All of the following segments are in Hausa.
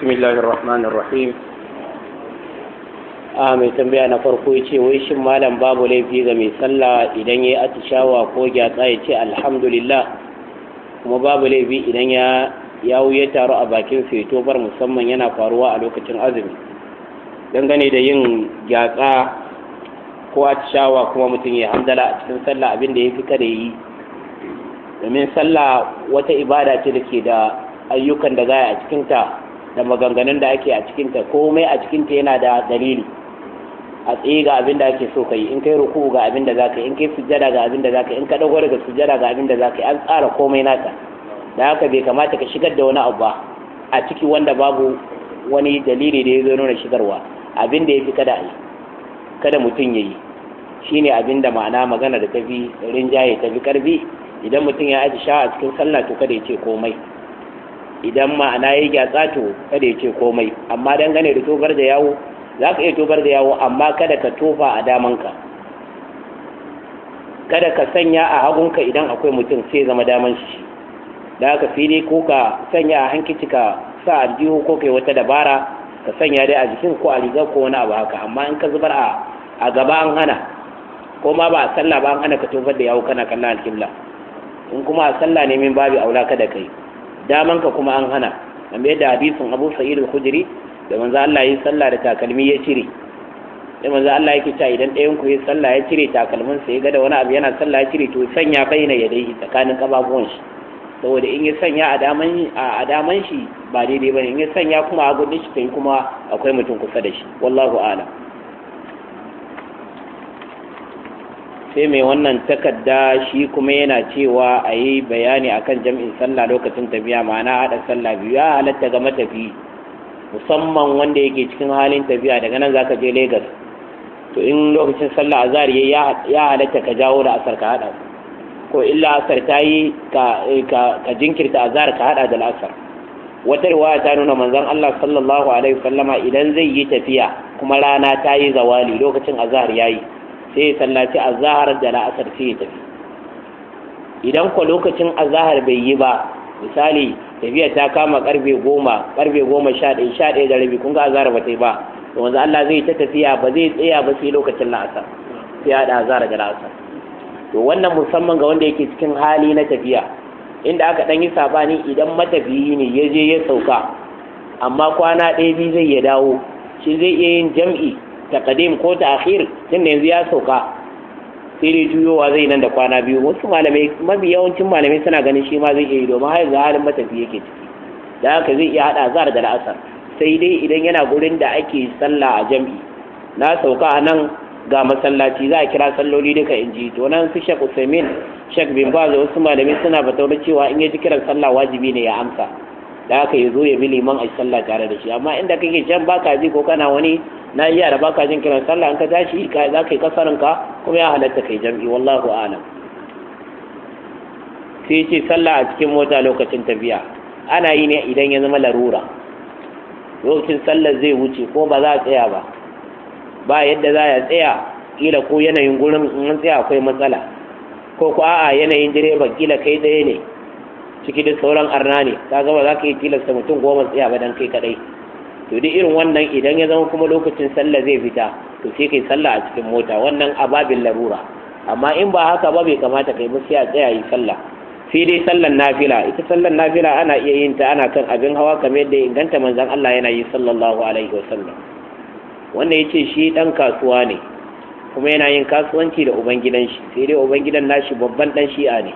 بسم الله الرحمن الرحيم a mai tambaya na farko ya ce wai shin malam babu laifi ga mai sallah idan ya atishawa ko gyatsa ya ce alhamdulillah kuma babu laifi idan ya yawo ya taru a bakin feto bar musamman yana faruwa a lokacin azumi dangane da yin gyatsa ko atishawa kuma mutum ya hamdala a cikin sallah abin ya fi kada yi domin sallah wata ibada ce da ke da ayyukan da za a cikinta da maganganun da ake a cikinta komai a cikinta yana da dalili a tsaye ga abin da ake so ka yi in kai ruku ga abin da zaka yi in kai sujjada ga abin da zaka yi in ka dago daga sujjada ga abin da zaka yi an tsara komai naka da haka bai kamata ka shigar da wani abu ba a ciki wanda babu wani dalili da ya zo nuna shigarwa abin da ya fi kada yi kada mutum ya yi shine abin da ma'ana magana da ta fi rinjaye ta fi karfi idan mutum ya aji sha a cikin sallah to kada ya ce komai idan ma'ana ya a to kada ya ce komai amma dangane da tofar da yawo za ka iya tofar da yawo amma kada ka tofa a damanka kada ka sanya a hagunka idan akwai mutum sai zama daman shi da haka fili ko ka sanya a hankici ka sa aljihu ko kai wata dabara ka sanya dai a jikin ko a rigar ko wani abu haka amma in ka zubar a gaba an hana ko ma ba a sallah ba an hana ka tofar da yawo kana kallon alkibla in kuma a sallah ne min babu aula kada kai daman ka kuma an hana kamar yadda hadisin Abu Sa'id al-Khudri da manzo Allah yi sallah da takalmi ya cire da manzo Allah yake cewa idan ɗayan ku yi sallah ya cire takalmin sa ya ga da wani abu yana sallah ya cire to sanya ya dai tsakanin kababuwan shi saboda in ya sanya a daman a daman shi ba daidai bane in ya sanya kuma a gudun shi kai kuma akwai mutum kusa da shi wallahu a'lam sai mai wannan takarda shi kuma yana cewa a yi bayani a kan jam'in sallah lokacin tafiya ma'ana haɗa sallah biyu ya halatta ga matafi musamman wanda yake cikin halin tafiya daga nan zaka je Legas. to in lokacin sallah azhar ya halatta ka jawo da asar ka haɗa ko illa asar ta yi ka jinkirta azhar ka haɗa da asar wata riwaya ta nuna manzon Allah sallallahu alaihi wasallama idan zai yi tafiya kuma rana ta yi zawali lokacin azhar yayi sai ya sallaci azahar da la'asar sai ya tafi idan ko lokacin azahar bai yi ba misali tafiya ta kama karfe goma karfe goma sha ɗaya sha ɗaya da rabi kun ga azahar ba ta yi ba to wanzu Allah zai ta tafiya ba zai tsaya ba sai lokacin la'asar sai ya haɗa azahar da la'asar to wannan musamman ga wanda yake cikin hali na tafiya inda aka ɗan yi sabani idan matafiyi ne ya je ya sauka amma kwana ɗaya biyu zai ya dawo shi zai iya yin jam'i taqdim ko ta ta'khir Tun yanzu ya sauka sai dai juyowa zai nan da kwana biyu wasu malamai mafi yawancin malamai suna ganin shi ma zai iya yi domin har yanzu halin matafi yake ciki da haka zai iya hada azhar da la'asar sai dai idan yana gurin da ake sallah a jam'i na sauka a nan ga masallaci za a kira salloli duka in ji to nan su Sheikh Usaimin Sheikh bin wasu malamai suna bataunar cewa in ya ji kiran sallah wajibi ne ya amsa da aka yi zo ya bi liman a sallah tare da shi amma inda kake can ka ji ko kana wani na yi yara ka jin kiran sallah in ka tashi ka za ka yi kasarin ka kuma ya halatta kai jam'i wallahu alam sai ce sallah a cikin mota lokacin tafiya ana yi ne idan ya zama larura lokacin sallar zai wuce ko ba za a tsaya ba ba yadda za a tsaya kila ko yanayin gurin in an tsaya akwai matsala ko ko a'a yanayin direba kila kai ɗaya ne ciki da sauran arna ne ka gama za ka yi tilasta mutum goma tsaya ba dan kai kadai to duk irin wannan idan ya zama kuma lokacin sallah zai fita to sai kai sallah a cikin mota wannan ababin larura amma in ba haka ba bai kamata kai ba sai a tsaya yi sallah sai dai sallan nafila ita sallan nafila ana iya yin ta ana kan abin hawa kamar yadda inganta manzon Allah yana yi sallallahu alaihi wasallam wanda yace shi dan kasuwa ne kuma yana yin kasuwanci da ubangidan shi sai dai ubangidan nashi babban dan shi'a ne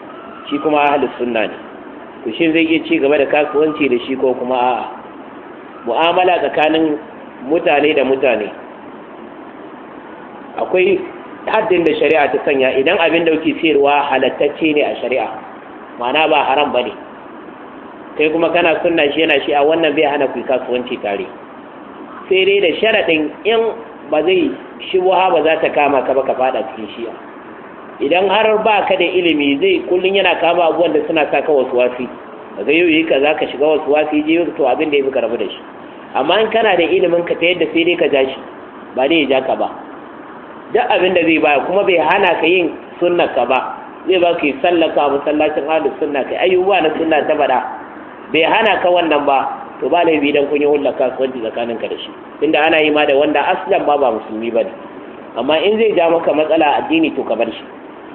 shi kuma ahlus sunna ne to shin zai iya ci gaba da kasuwanci da shi ko kuma a'a mu'amala tsakanin mutane da mutane akwai haddin da shari'a ta sanya idan abin dauki sayarwa halattacce ne a shari'a ma'ana ba haram ba ne kai kuma kana sunna shi yana shi a wannan bai hana ku kasuwanci tare sai dai da sharaɗin in ba zai shi ba za ta kama ka ba ka fada cikin shi'a idan har ba ka da ilimi zai kullum yana kama abubuwan da suna sa ka wasu wasi daga yau yi ka za ka shiga wasu wasi je to abin da ya fi karbu da shi amma in kana da ilimin ka ta yadda sai dai ka ja shi ba dai ya ja ka ba duk abin da zai baya kuma bai hana ka yin sunna ka ba zai ba ka yi sallaka a masallacin ahlu sunna kai ayyuba na sunna ta bada bai hana ka wannan ba to ba laifi idan kun yi su kasuwanci tsakanin ka da shi tunda ana yi ma da wanda aslan ba ba musulmi ba ne amma in zai ja maka matsala addini to ka bar shi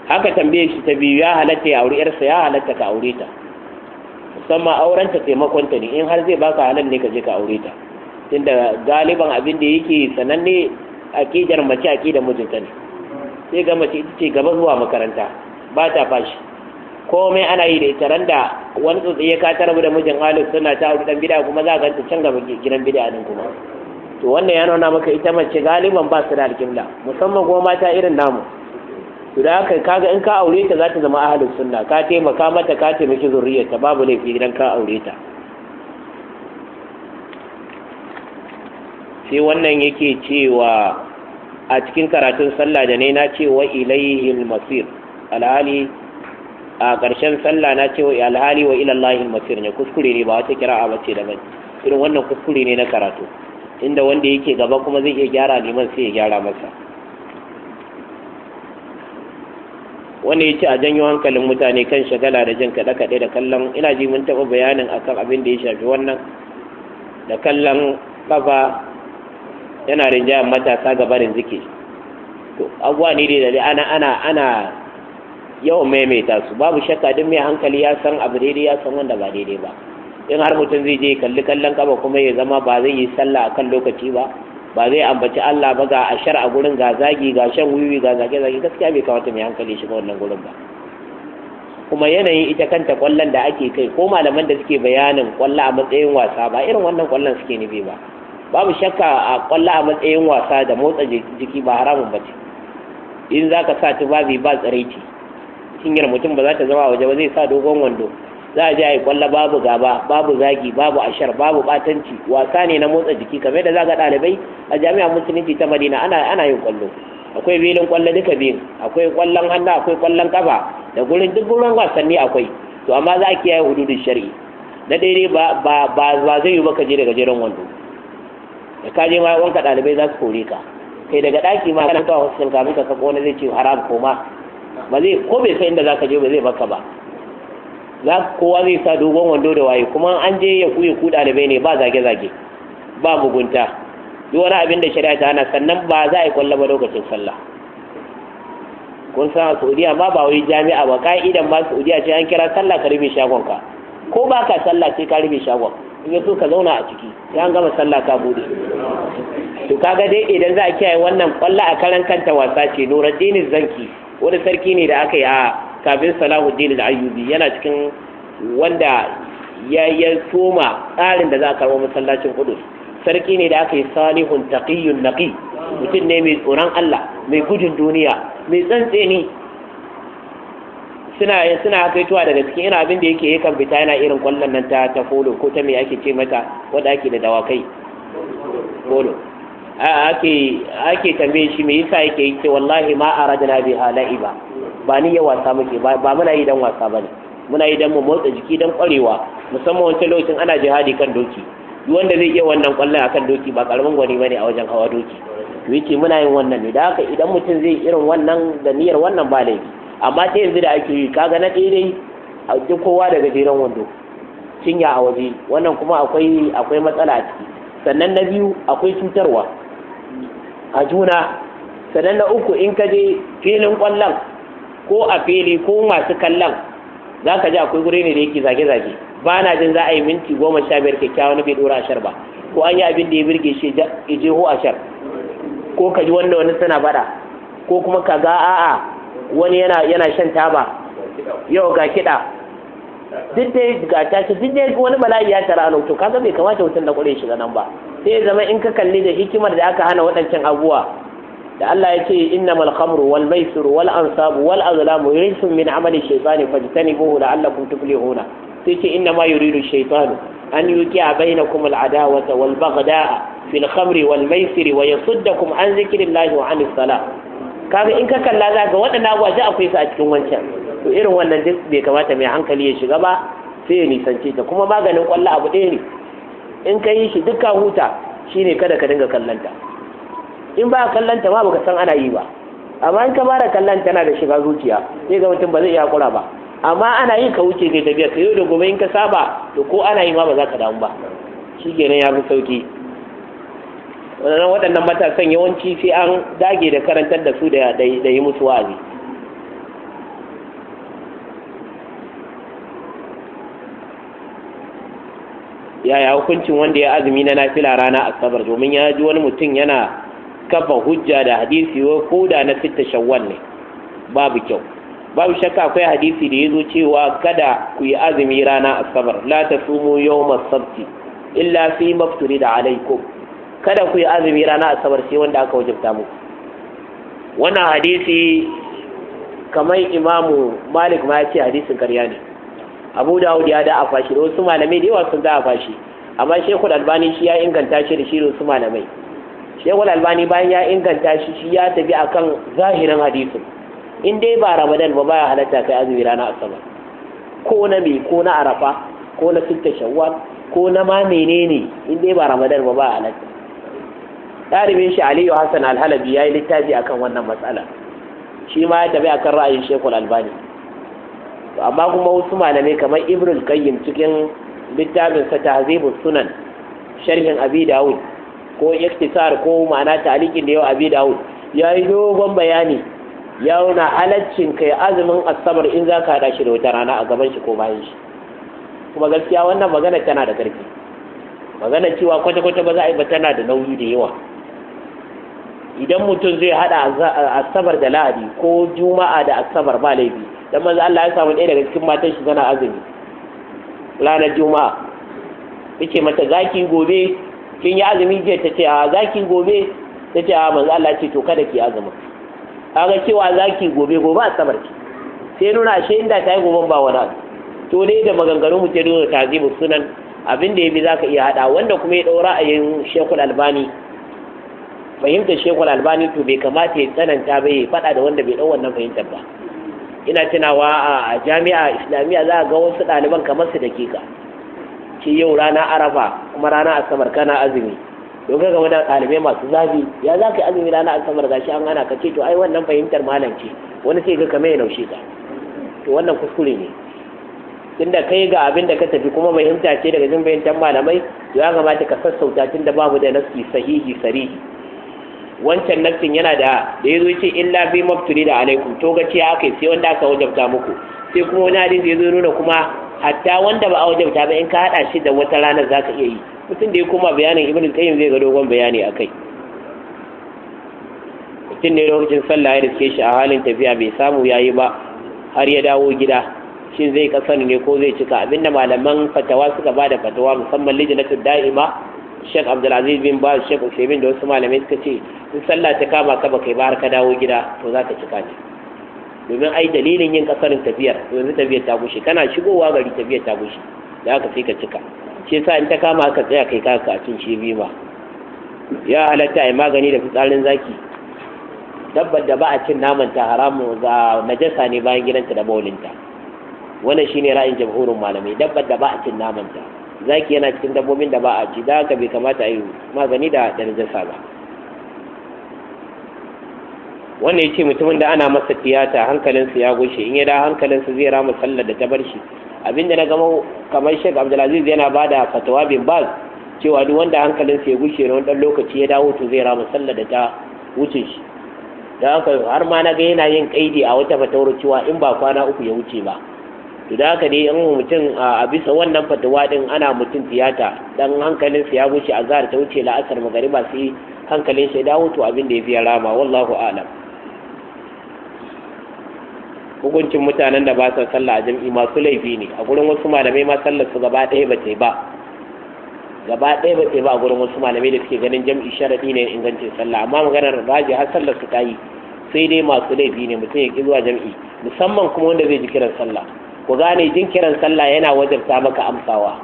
aka tambaye shi ta biyu ya halatta ya auri yarsa ya halatta ka aure ta musamman aurenta taimakon ta ne in har zai baka halal ne ka je ka aure ta tunda galiban abin da yake sananne akidar mace akidar mijinta ne sai ga mace ita ce gaba zuwa makaranta ba ta fashi komai ana yi da ita da wani tsotsi ya ka rabu da mijin halin suna ta aure dan bida kuma za a ganta can gaba gidan bida din kuma to wannan ya nuna maka ita mace galiban ba su da alƙibla musamman goma ta irin namu to da haka kaga in ka aure ta za ta zama ahalin sunna ka taimaka mata ka taimaki ta babu laifi idan ka aure ta sai wannan yake cewa a cikin karatun sallah da ne na ce wa masir alhali a ƙarshen sallah na ce wa alhali wa masir ne kuskure ne ba wata kira'a ba ce daban irin wannan kuskure ne na karatu inda wanda yake gaba kuma zai iya gyara liman sai ya gyara masa wanda ya ce a janyo hankalin mutane kan shagala da jin kaɗe-kaɗe da kallon ina ji mun taɓa bayanin akan abin da ya shafi wannan da kallon kafa yana rinjayen matasa ga barin ziki to abuwa ne da ana ana ana yawan maimaita su babu shakka duk mai hankali ya san abu daidai ya san wanda ba daidai ba in har mutum zai je kalli kallon kafa kuma ya zama ba zai yi sallah akan lokaci ba ba zai ambaci Allah ba ga ashar a gurin ga zagi ga shan wiwi ga zage zage gaskiya bai kamata mai hankali shiga wannan gurin ba kuma yanayin ita kanta kwallon da ake kai ko malaman da suke bayanin kwallo a matsayin wasa ba irin wannan kwallon suke nufi ba babu shakka a kwallo a matsayin wasa da motsa jiki ba haramun ba ce in za ka sa tufafi ba tsaraici cinyar mutum ba za ta zama waje ba zai sa dogon wando za a je a yi kwallo babu gaba babu zagi babu ashar babu batanci wasa ne na motsa jiki kamar da za ga ɗalibai a jami'a musulunci ta madina ana ana yin kwallo akwai belin kwallo duka biyun akwai kwallon hannu akwai kwallon kafa da gurin duk gurin wasanni akwai to amma za a kiyaye hududin shari'i na daidai ba ba zai yi ba je daga gajeren wando da ka je ma wanka ɗalibai za su kore ka kai daga ɗaki ma kana kawo wasu kafin ka sako wani zai ce haram ma ba zai ko bai san inda za ka je ba zai baka ba za kowa zai sa dogon wando da waye kuma an je ya kuye ku ɗalibai ne ba zage-zage ba mugunta duk wani abin da shari'a ta hana sannan ba za a yi kwallo ba lokacin sallah kun san a saudiya ma ba wai jami'a ba ka'idan ba saudiya ce an kira sallah ka rufe shagon ka ko ba ka sallah sai ka rufe shagon in ya so ka zauna a ciki sai an gama sallah ka bude to kaga dai idan za a kiyaye wannan kwallo a karan kanta wasa ce nuruddin zanki wani sarki ne da aka yi a kafin salahuddin al-ayyubi yana cikin wanda ya ya soma tsarin da za a karɓo masallacin kudus sarki ne da aka yi salihun taqiyyun naqi mutum ne mai tsoron Allah mai gudun duniya mai ne suna suna kaitowa daga cikin ina abin da yake kan fita yana irin kwallon nan ta ta folo ko ta me ake ce mata wanda ake da dawakai folo ake ake tambaye shi me yasa yake yi ce wallahi ma aradna biha la'iba ba ni ya wasa muke ba muna yi dan wasa bane muna yi dan mu motsa jiki dan kwarewa musamman wancan lokacin ana jihadi kan doki duk wanda zai iya wannan kwallon akan doki ba karamin gwani bane a wajen hawa doki yace muna yin wannan ne da haka idan mutum zai irin wannan da niyyar wannan ba laifi amma ta yanzu da ake yi kaga na dai a kowa daga jeren wando cinya a waje wannan kuma akwai akwai matsala a ciki sannan na biyu akwai cutarwa a juna sannan na uku in ka je filin kwallon ko a fili ko masu kallon za ka ji akwai guri ne da yake zage-zage ba na jin za a yi minti goma sha biyar kyakkyawa na bai dora ashar ba ko an yi abin da ya birge shi ya je ho ashar ko ka ji wanda wani suna faɗa ko kuma ka ga a'a wani yana shan taba yau ga kiɗa duk dai ga ta ce duk da wani bala'i ya tara a to kaga bai kamata mutum da kure shiga nan ba sai zama in ka kalli da hikimar da aka hana waɗancan abubuwa da Allah ya ce innamal khamru wal maisir wal ansabu wal azlamu rijsun min amali shaytani fajtanibuhu la'allakum tuflihuna sai ce innama yuridu shaytanu an yuqi'a bainakum al adawata wal baghda'a fil khamri wal maisir wa yasuddakum an zikrillahi wa anis salah kaga in ka kalla za ga waɗannan abubuwa akwai su a cikin wancan to irin wannan duk bai kamata mai hankali ya shiga ba sai ya nisance ta kuma maganin kwallo abu ɗaya ne in ka yi shi dukkan huta shine kada ka dinga kallon ta in ba kallon ta ma baka san ana yi ba amma in ka fara kallon tana da shiga zuciya sai ga mutum ba zai iya kura ba amma ana yi ka wuce kai tafiya ka yau da gobe in ka saba to ko ana yi ma ba za ka damu ba shikenan ya fi sauki waɗannan matasan yawanci sai an dage da karantar da su da yi musu wa'azi yaya hukuncin wanda ya azumi na nafila rana asabar domin ya ji wani mutum yana kafa hujja da hadisi wai ko da na fita shawwal ne babu kyau babu shakka akwai hadisi da yazo cewa kada ku yi azumi rana asabar la tasumu yawma sabti illa fi mafturid alaikum kada ku yi azumi rana asabar sai wanda aka wajabta muku wannan hadisi kamar imamu malik ma ya ce hadisin karya ne abu dawud ya da afashi da wasu malamai da yawa sun da afashi amma shekul albani shi ya inganta shi da shi da wasu malamai shekul albani bayan ya inganta shi shi ya tafi akan zahirin hadisin in dai ba ramadan ba baya halatta kai azumi rana sama, ko na me ko na arafa ko na sitta shawwal ko na ma menene in dai ba ramadan ba baya halatta ɗalibin shi aliyu hassan alhalabi ya yi littafi akan wannan matsala shi ma ya tafi akan ra'ayin shekul albani amma kuma wasu malamai kamar ibril Kayyim, cikin littafin sa tahzibus sunan sharhin abi dawud ko iktisar ko ma'ana talikin da yau abi dawud ya yi dogon bayani ya wuna halaccin kai azumin asabar in za ka shi da wata rana a gaban shi ko bayan shi kuma gaskiya wannan magana tana da ƙarfi magana cewa kwata-kwata ba za a yi ba tana da nauyi da yawa idan mutum zai haɗa asabar da lahadi ko juma'a da asabar ba laifi dan manzo Allah ya samu ɗaya daga cikin matan shi tana azumi ranar juma'a yake mata zaki gobe kin yi azumi jiya ta ce a zaki gobe ta ce a manzo Allah ce to kada ki azumi kaga cewa zaki gobe gobe a asabar ki sai nuna ashe inda ta yi goben ba wani to dai da ce dole ta tazibu sunan abin da ya bi zaka iya hada wanda kuma ya daura a yin shekul albani fahimtar shekul albani to bai kamata ya tsananta ba ya faɗa da wanda bai ɗau wannan fahimtar ba ina tunawa a jami'a islamiyya za a ga wasu ɗaliban kamar su dakika ke yau rana arafa kuma rana asabar kana azumi to ga game ɗalibai masu zafi ya za ka yi azumi rana asabar gashi an hana ka ce to ai wannan fahimtar malam ce wani sai ga kamar ya naushe ka to wannan kuskure ne tunda kai ga abin da ka tafi kuma fahimta ce daga jin fahimtar malamai to ya kamata ka sassauta tunda babu da nasi sahihi sarihi wancan nassin yana da da yazo ce illa bi mafturi da alaikum to ya haka sai wanda aka wajabta muku sai kuma wani hadisi ya zo nuna kuma hatta wanda ba a wajabta ba in ka hada shi da wata ranar za ka iya yi mutum da ya koma bayanin ibn qayyim zai ga dogon bayani akai mutum ne lokacin sallah ya riske shi a halin tafiya bai samu yayi ba har ya dawo gida shin zai kasar ne ko zai cika abinda malaman fatawa suka ba da fatawa musamman lijinatul da'ima Sheikh Abdulaziz bin Baz Sheikh Usaimin da wasu malamai suka ce in sallah ta kama ka baka yi ba har ka dawo gida to za ka cika ne domin ai dalilin yin kasarin tafiyar yanzu tafiyar ta gushe kana shigowa gari tafiyar ta gushe da aka sai ka cika shi yasa in ta kama aka tsaya kai ka cin shi biyu ba ya halatta ai magani da fitsarin zaki dabbar da ba a cin naman ta haramu ga najasa ne bayan gidanta da baulinta wannan shine ra'ayin jamhurin malamai dabbar da ba a cin naman ta zaki yana cikin dabbobin da ba a ci da haka bai kamata a yi magani da najasa ba wannan ya ce mutumin da ana masa tiyata hankalinsa ya gushe in ya da hankalinsa zai rama sallar da ta bar shi abinda na gama kamar shek abdulaziz yana ba da fatawa bin baz cewa duk wanda hankalinsa ya gushe na wani lokaci ya dawo to zai rama sallar da ta wuce shi da haka har ma na ga yana yin kaidi a wata fatawar cewa in ba kwana uku ya wuce ba to da haka dai in mutum a bisa wannan fatawa din ana mutum tiyata dan hankalinsa ya gushe azhar ta wuce la'asar magariba sai hankalin shi ya dawo to abin da ya fi rama wallahu a'lam hukuncin mutanen da ba sa sallah a jam'i masu laifi ne a gurin wasu malamai ma sallar su gaba ɗaya ba ta ba gaba ɗaya ba ta ba a gurin wasu malamai da suke ganin jam'i sharadi ne ingancin sallah amma maganar raji har sallar su ta yi sai dai masu laifi ne mutum ya ki zuwa jam'i musamman kuma wanda zai ji kiran sallah ku gane jin kiran sallah yana wajabta maka amsawa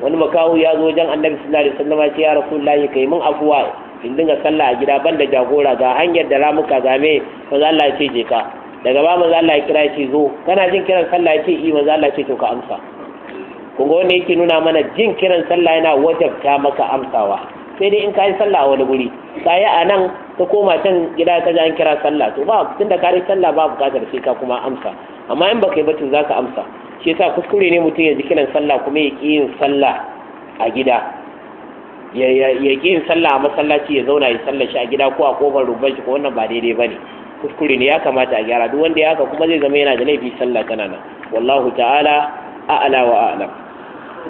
wani makawo ya zo wajen annabi sallallahu alaihi wasallam ya ce ya rasulullahi kai mun afuwa in dinga sallah a gida banda jagora ga hanyar da ramuka game ko Allah ya ce je ka daga ba manzo Allah ya kira ce zo kana jin kiran sallah ya ce i eh, manzo Allah ce to ka amsa kun ga yake nuna mana jin kiran sallah yana wajabta maka amsawa sai dai in ka yi sallah a wani guri ka yi a nan ka koma can gida ka ji an kira sallah to ba tunda ka yi sallah ba bukatar sai ka kuma amsa amma in baka yi ba to ka amsa shi yasa kuskure ne mutum ya ji kiran sallah kuma ya ƙi yin sallah a gida ya ƙi yin sallah a masallaci ya zauna ya sallar shi a gida ko a kofar rubar shi ko wannan ba daidai ba ne kuskure ne ya kamata a gyara duk wanda ya haka kuma zai zama yana da laifi sallah kanana wallahu ta'ala a'la wa a'lam